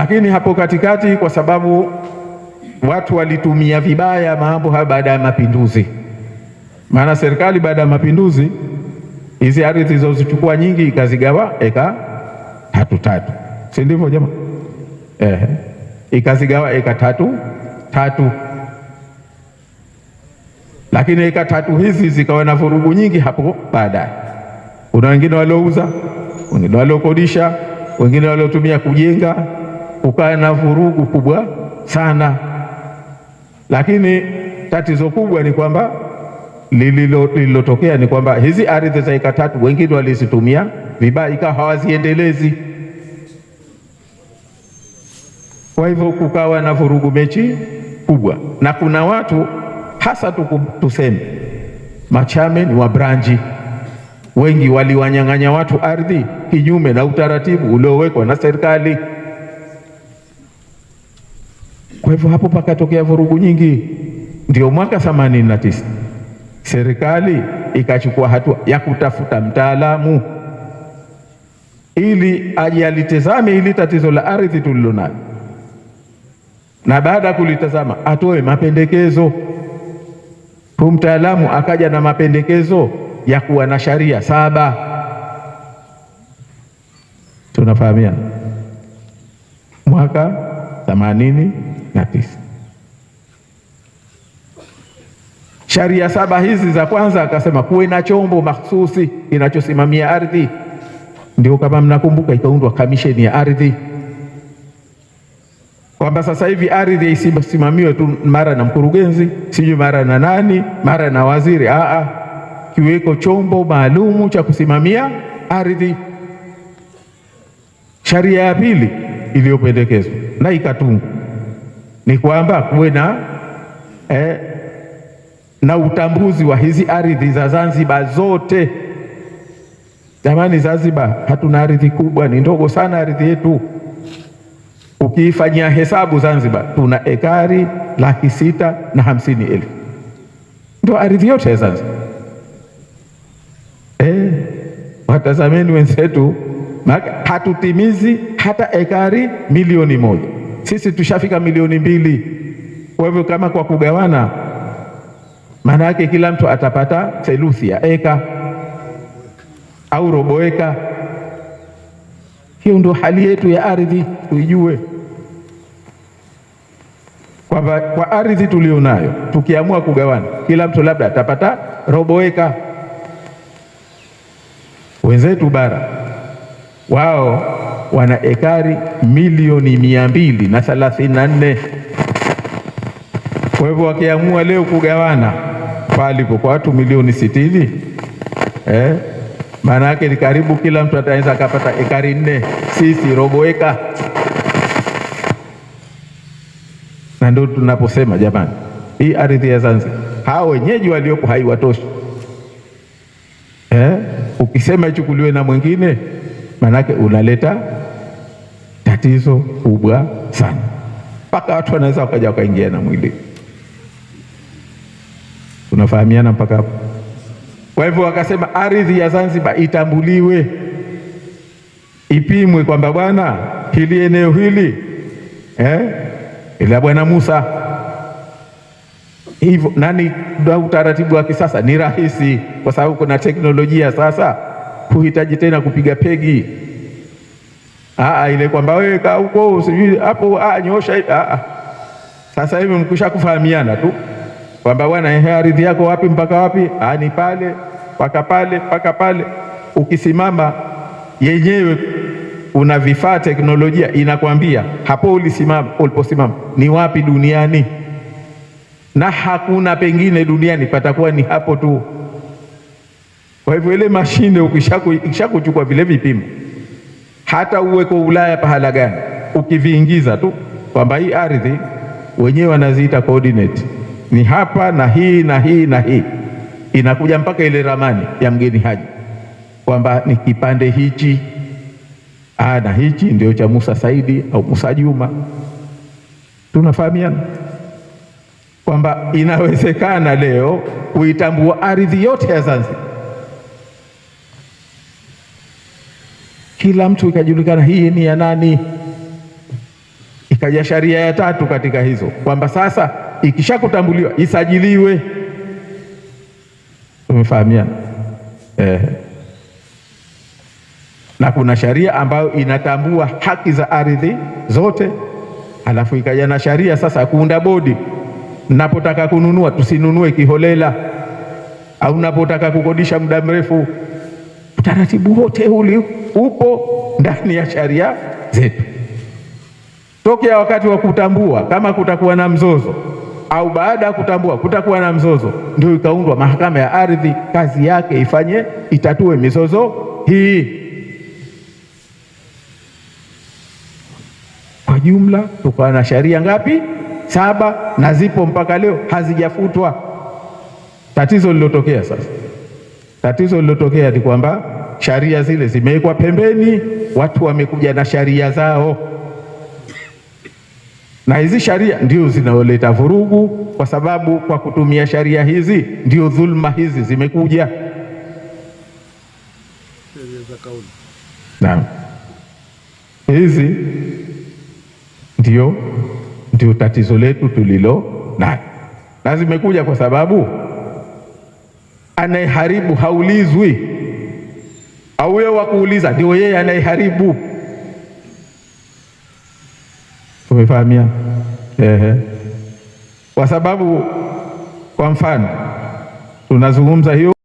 Lakini hapo katikati, kwa sababu watu walitumia vibaya mambo hayo baada ya mapinduzi, maana serikali baada ya mapinduzi hizi ardhi zilizochukua nyingi ikazigawa eka tatu tatu, si ndivyo jamaa? Ehe, ikazigawa eka tatu tatu, lakini eka tatu hizi zikawa na vurugu nyingi hapo baadaye. Kuna wengine waliouza, wengine waliokodisha, wengine waliotumia kujenga kukawa na vurugu kubwa sana, lakini tatizo kubwa ni kwamba lililotokea ni kwamba hizi ardhi za eka tatu wengine walizitumia vibaya, ikawa hawaziendelezi. Kwa hivyo kukawa na vurugu mechi kubwa, na kuna watu hasa tuku, tuseme machame ni wabranji wengi waliwanyang'anya watu ardhi kinyume na utaratibu uliowekwa na serikali. Kwa hivyo hapo pakatokea vurugu nyingi, ndio mwaka 89 serikali ikachukua hatua ya kutafuta mtaalamu ili aje alitazame ili tatizo la ardhi tulilonayo, na baada ya kulitazama atoe mapendekezo. hu mtaalamu akaja na mapendekezo ya kuwa na sharia saba. Tunafahamiana mwaka themanini na tisa. Sharia saba hizi za kwanza akasema kuwe na chombo mahsusi kinachosimamia ardhi. Ndio kama mnakumbuka, ikaundwa kamisheni ya ardhi kwamba sasa hivi ardhi isisimamiwe tu mara na mkurugenzi, sijui mara na nani, mara na waziri. Aa, kiweko chombo maalumu cha kusimamia ardhi. Sharia ya pili iliyopendekezwa na ikatungwa ni kwamba kuwe na eh, na utambuzi wa hizi ardhi za Zanzibar zote. Jamani, Zanzibar hatuna ardhi kubwa, ni ndogo sana ardhi yetu. Ukiifanyia hesabu Zanzibar tuna ekari laki sita na hamsini elfu ndio ardhi yote ya Zanzibar. Eh, watazameni wenzetu, hatutimizi hata ekari milioni moja. Sisi tushafika milioni mbili. Kwa hivyo kama kwa kugawana, maana yake kila mtu atapata theluthi ya eka au robo eka. Hiyo ndio hali yetu ya ardhi, tuijue kwamba kwa ardhi tulionayo tukiamua kugawana, kila mtu labda atapata robo eka. Wenzetu bara wao wana ekari milioni mia mbili na thelathini na nne. Kwa hivyo wakiamua leo kugawana palipo kwa watu milioni sitini eh, maana yake ni karibu kila mtu ataweza akapata ekari nne, sisi robo eka. Na ndio tunaposema jamani, hii ardhi ya Zanzibar hawa wenyeji waliopo haiwatoshi eh, ukisema ichukuliwe na mwingine maanake unaleta tatizo kubwa sana, mpaka watu wanaweza wakaja wakaingia na mwili. Tunafahamiana mpaka hapo? Kwa hivyo wakasema ardhi ya Zanzibar itambuliwe, ipimwe kwamba bwana, hili eneo hili eh, ila bwana Musa hivyo nani, na utaratibu wa kisasa ni rahisi, kwa sababu kuna teknolojia sasa, huhitaji tena kupiga pegi. Aa, ah, ah, ile kwamba wewe kaa huko sijui hapo ah, nyosha. Sasa hivi mkisha kufahamiana tu kwamba bwana, ardhi yako wapi mpaka wapi? Aa, ni pale mpaka pale mpaka pale. Ukisimama yenyewe una vifaa, teknolojia inakwambia hapo ulisimama, uliposimama ni wapi duniani, na hakuna pengine duniani patakuwa ni hapo tu. Kwa hivyo ile mashine ukishakuchukua vile vipimo hata uweko Ulaya pahala gani, ukiviingiza tu kwamba hii ardhi wenyewe wanaziita coordinate ni hapa na hii na hii na hii, inakuja mpaka ile ramani ya mgeni haji kwamba ni kipande hichi Aa, ah, na hichi ndio cha Musa Saidi au Musa Juma. Tunafahamiana kwamba inawezekana leo kuitambua ardhi yote ya Zanzibar kila mtu ikajulikana hii ni ya nani. Ikaja sharia ya tatu katika hizo kwamba sasa ikishakutambuliwa isajiliwe. Umefahamiana eh. Na kuna sharia ambayo inatambua haki za ardhi zote, alafu ikaja na sharia sasa kuunda bodi. Napotaka kununua tusinunue kiholela, au napotaka kukodisha muda mrefu, utaratibu wote huu upo ndani ya sharia zetu tokea wakati wa kutambua. Kama kutakuwa na mzozo au baada ya kutambua kutakuwa na mzozo, ndio ikaundwa mahakama ya ardhi, kazi yake ifanye itatue mizozo hii. Kwa jumla tukawa na sharia ngapi? Saba, na zipo mpaka leo hazijafutwa. Tatizo lilotokea sasa, tatizo lilotokea ni kwamba Sharia zile zimewekwa pembeni, watu wamekuja na sharia zao, na hizi sharia ndio zinaoleta vurugu, kwa sababu kwa kutumia sharia hizi ndio dhulma hizi zimekuja. Naam, hizi ndio ndio tatizo letu tulilo nayo, na zimekuja kwa sababu anayeharibu haulizwi au wewe wakuuliza, ndio yeye anayeharibu. Umefahamia? Ehe, kwa sababu, kwa mfano tunazungumza hiyo